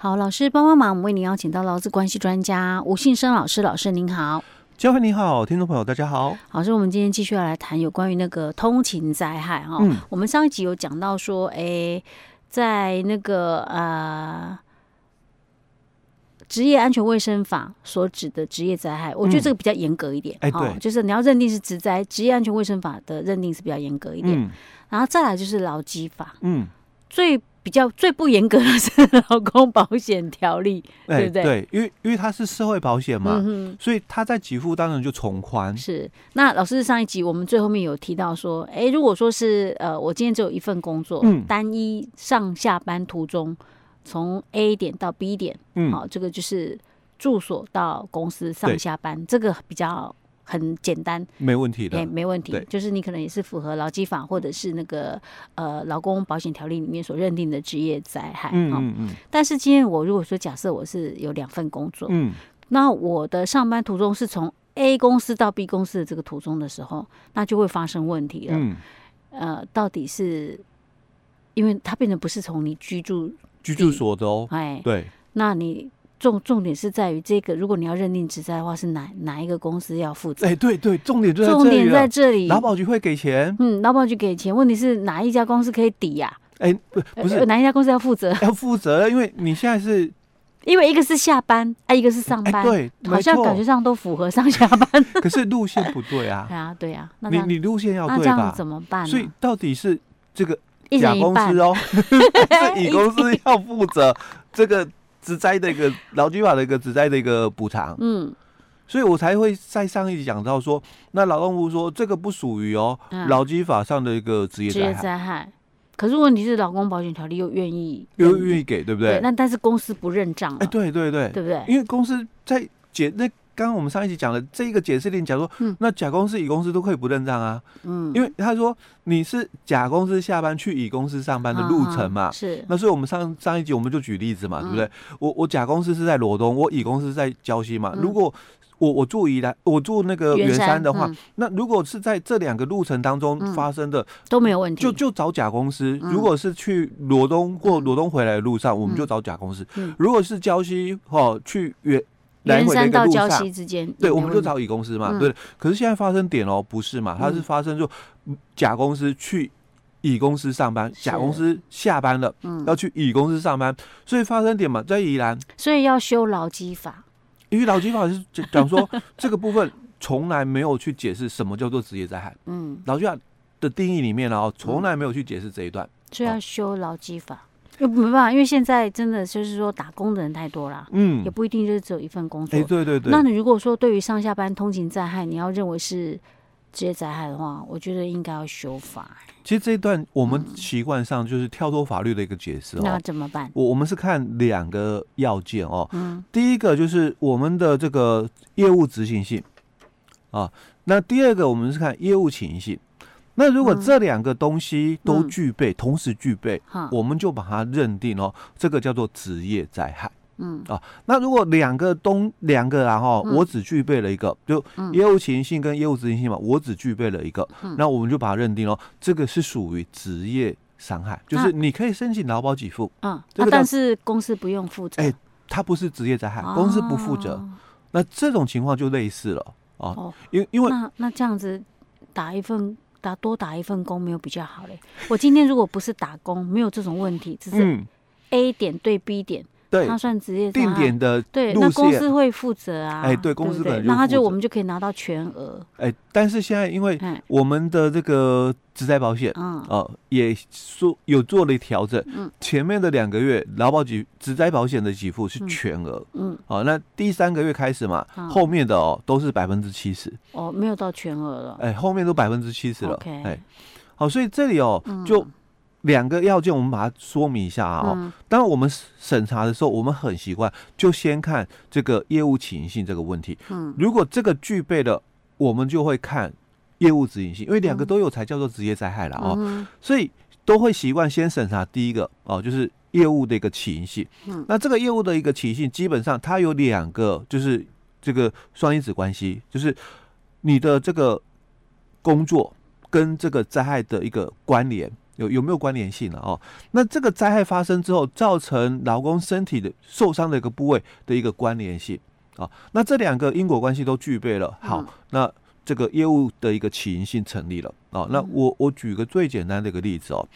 好，老師幫幫忙，我們為您邀請到勞資關係專家吳信生老師，老師您好，教授您好，聽眾朋友大家好，老師，我們今天繼續要來談有關於那個通勤災害哈，嗯、我們上一集有講到說，哎、欸，在那個呃職業安全衛生法所指的職業災害，嗯、我覺得這個比較嚴格一點，哎對，就是你要認定是職災，職業安全衛生法的認定是比較嚴格一點，嗯、然後再來就是勞基法，嗯，最。比較最不嚴格的是勞工保險條例，欸、對不對？對，因為因為它是社會保險嘛，嗯、哼所以他在給付當中就從寬。是，那老師上一集我們最後面有提到說，欸、如果說是呃，我今天只有一份工作，嗯、單一上下班途中，從 A 點到 B 點，嗯，好、哦，這個就是住所到公司上下班，對這個比較。很簡單，沒問題的，欸、沒問題。對就是你可能也是符合勞基法，或者是那個呃，勞工保險條例裡面所認定的職業災害。嗯、哦、嗯。但是今天我如果說假設我是有兩份工作，嗯，那我的上班途中是從 A 公司到 B 公司的這個途中的時候，那就會發生問題了。嗯。呃，到底是因為它變成不是從你居住居住所的哦？哎、欸，對。那你。重重點是在於這個，如果你要認定職災的話，是哪哪一個公司要負責？哎，對對，重點重點在這裡。勞保局會給錢，嗯，勞保局給錢，問題是哪一家公司可以抵呀？哎，不不是哪一家公司要負責？要負責，因為你現在是，因為一個是下班，哎，一個是上班，對，好像感覺上都符合上下班，可是路線不對啊。啊，對呀，你你路線要對吧？那這樣怎麼辦？所以到底是這個甲公司哦，是乙公司要負責這個。職災的一個勞基法的一個職災的一個補償，嗯，所以我才會在上一集講到說，那勞工部說這個不屬於哦，勞、嗯、基法上的一個職業職業災害，可是問題是勞工保險條例又願意又願意給，對不對，對？那但是公司不認賬，哎，欸、對對對，對不對？因為公司在解那。剛剛我們上一集講了這個解釋令，假如說，嗯，那甲公司、乙公司都可以不認賬啊，嗯，因為他說你是甲公司下班去乙公司上班的路程嘛，是，那所以我們上上一集我們就舉例子嘛，對不對？我我甲公司是在羅東，我乙公司在礁溪嘛。如果我我住宜蘭，我住那個員山的話，那如果是在這兩個路程當中發生的都沒有問題，就就找甲公司。如果是去羅東或羅東回來的路上，我們就找甲公司。如果是礁溪哈去元，連，連山到礁溪之間，對，我們就找乙公司嘛，嗯、對。可是現在發生點哦、喔，不是嘛？它是發生就甲公司去乙公司上班，甲、嗯、公司下班了，嗯是，要去乙公司上班，嗯、所以發生點嘛，在宜蘭，所以要修勞基法，因為勞基法是講說這個部分從來沒有去解釋什麼叫做職業災害，嗯，勞基法的定義裡面哦、喔，從來沒有去解釋這一段，嗯喔、所以要修勞基法。又沒辦法，因為現在真的就是說打工的人太多了，嗯，也不一定就是只有一份工作。欸、對對對。那你如果說對於上下班通勤災害，你要認為是職業災害的話，我覺得應該要修法。其實這一段我們習慣上就是跳脫法律的一個解釋哦。嗯、那怎麼辦？我我們是看兩個要件哦。嗯。第一個就是我們的這個業務執行性，啊，那第二個我們是看業務情形。那如果這兩個東西都具備，同時具備，我們就把它認定哦，這個叫做職業災害。嗯啊，那如果兩個東兩個然後我只具備了一個，就業務情形跟業務執行性嘛，我只具備了一個，那我們就把它認定哦，這個是屬於職業傷害，就是你可以申請勞保給付。嗯，那但是公司不用負責。哎，它不是職業災害，公司不負責。那這種情況就類似了哦。因因為那那這樣子打一份。打多打一份工沒有比較好嘞。我今天如果不是打工，沒有這種問題，只是 A 點對 B 點。嗯。對，他算職業定點的他他，對，那公司會負責啊。哎、欸，對，公司本人。那他就我們就可以拿到全額。哎、欸，但是現在因為我們的這個職災保險，嗯，哦、啊，也說有做了調整。嗯，前面的兩個月勞保給職災保險的給付是全額、嗯。嗯，好、啊，那第三個月開始嘛，嗯、後面的哦都是百分之七十。哦，沒有到全額了。哎、欸，後面都百分之七十了。哎 Okay、欸，好，所以這裡哦就。嗯兩個要件，我們把它說明一下啊。哦，當我們審查的時候，我們很習慣就先看這個業務起因性這個問題。嗯，如果這個具備了，我們就會看業務指引性，因為兩個都有才叫做職業災害啦。啊。所以都會習慣先審查第一個哦、喔，就是業務的一個起因性。嗯，那這個業務的一個起因性，基本上它有兩個，就是這個雙因子關係，就是你的這個工作跟這個災害的一個關聯。有有沒有關聯性呢、啊？哦，那這個災害發生之後，造成勞工身體的受傷的一個部位的一個關聯性啊，啊，那這兩個因果關係都具備了，好，那這個業務的一個起因性成立了啊，那我我舉個最簡單的一個例子哦，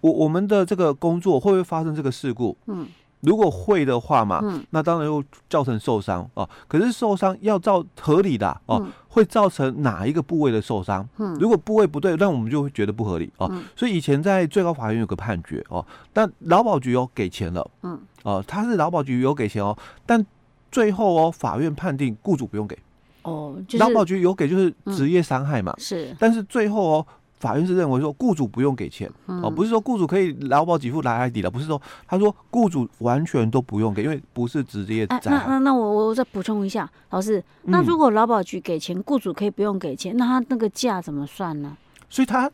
我我們的這個工作會不會發生這個事故？嗯。如果會的話嘛，嗯、那當然又造成受傷哦、呃。可是受傷要造合理的哦、啊，呃嗯、會造成哪一個部位的受傷？嗯、如果部位不對，那我們就會覺得不合理哦。呃嗯、所以以前在最高法院有個判決哦、呃，但勞保局有給錢了，嗯，啊、呃，他是勞保局有給錢哦，但最後哦，法院判定僱主不用給哦，勞、就是、保局有給就是職業傷害嘛，嗯、是，但是最後哦。法院是認為說，雇主不用給錢哦、嗯啊，不是說雇主可以勞保給付來抵了，不是說，他說雇主完全都不用給，因為不是直接災，哎。那那，那我我再補充一下，老師，那如果勞保局給錢，嗯、雇主可以不用給錢，那他那個價怎麼算呢？所以，他。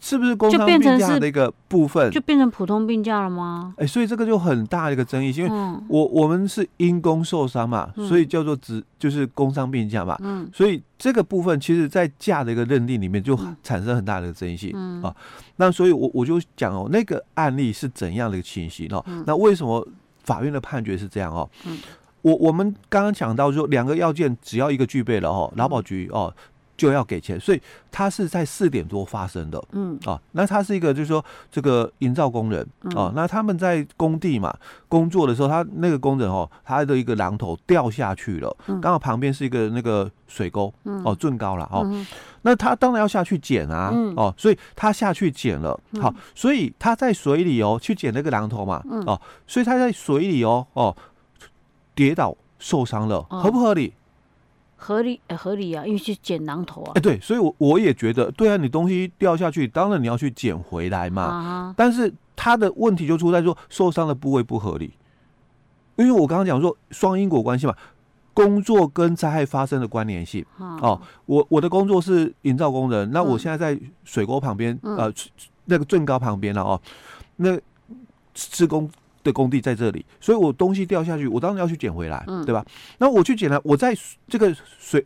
是不是工傷病假的一個部分就，就變成普通病假了嗎？哎、欸，所以這個就很大的一個爭議，因為我我們是因工受傷嘛，嗯、所以叫做只就是工傷病假嘛。嗯，所以這個部分其實在假的一個認定裡面就產生很大的一個爭議性、嗯、啊。那所以我，我我就講哦、喔，那個案例是怎樣的一個情形哦？嗯、那為什麼法院的判決是這樣哦、喔？嗯，我我們剛剛講到，說兩個要件，只要一個具備了哦、喔，勞保局哦。嗯喔就要給錢，所以他是在四點多發生的。嗯啊、哦，那他是一個就是說這個營造工人啊、嗯哦，那他們在工地嘛，工作的時候，他那個工人哦，他的一個榔頭掉下去了。嗯，剛好旁邊是一個那個水溝。嗯哦，哦，最高了哦。那他當然要下去撿啊。嗯。哦，所以他下去撿了。嗯、好，所以他在水裡哦去撿那個榔頭嘛。嗯。哦，所以他在水裡哦哦跌倒受傷了，合不合理？哦合理、欸、合理啊，因為去撿榔頭啊。哎、欸、對，所以我、我我也覺得，對啊，你東西掉下去，當然你要去撿回來嘛。啊、但是，他的問題就出在說，受傷的部位不合理，因為我剛剛講說，雙因果關係嘛，工作跟災害發生的關聯性。啊、哦。我我的工作是營造工人，嗯、那我現在在水溝旁邊，嗯、呃，那個最高旁邊了哦。那施工。的工地在這裡，所以我東西掉下去，我當然要去撿回來，嗯、對吧？那我去撿了，我在這個水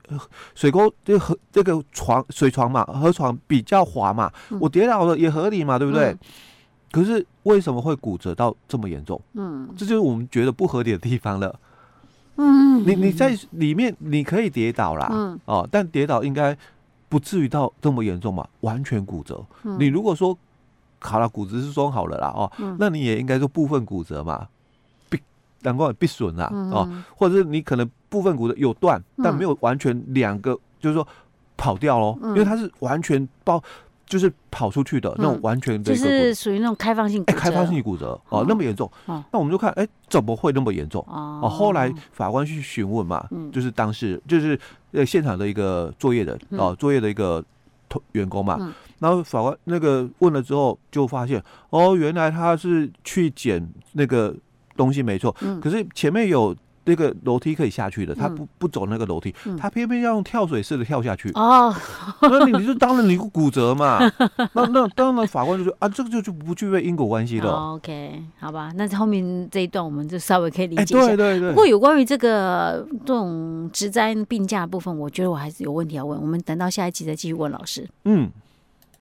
水溝這河、個、這個床水床嘛，河床比較滑嘛，嗯、我跌倒了也合理嘛，對不對？嗯、可是為什麼會骨折到這麼嚴重？嗯，這就是我們覺得不合理的地方了。嗯，你你在裡面你可以跌倒啦，嗯、哦，但跌倒應該不至於到這麼嚴重嘛，完全骨折。嗯、你如果說。卡了，骨折是裝好了啦，哦，那你也應該說部分骨折嘛，必難怪必損啦，哦，或者是你可能部分骨折有斷，但沒有完全兩個，就是說跑掉咯，因為它是完全包，就是跑出去的那種完全，就是屬於那種開放性，哎，開放性骨折哦，那麼嚴重，那我們就看，哎，怎麼會那麼嚴重啊？哦，後來法官去詢問嘛，就是當時就是呃現場的一個作業的哦，作業的一個。員工嘛，然後法官那個問了之後，就發現哦，原來他是去撿那個東西沒錯，可是前面有。那個樓梯可以下去的，他不不走那個樓梯，嗯、他偏偏要用跳水式的跳下去。哦、嗯，那你就當然你骨折嘛。哦、那 那，那當然法官就說啊，這個就就不具備因果關係了。OK，好吧，那後面這一段我們就稍微可以理解、哎、對對對。不過有關於這個這種職災病假的部分，我覺得我還是有問題要問。我們等到下一集再繼續問老師。嗯。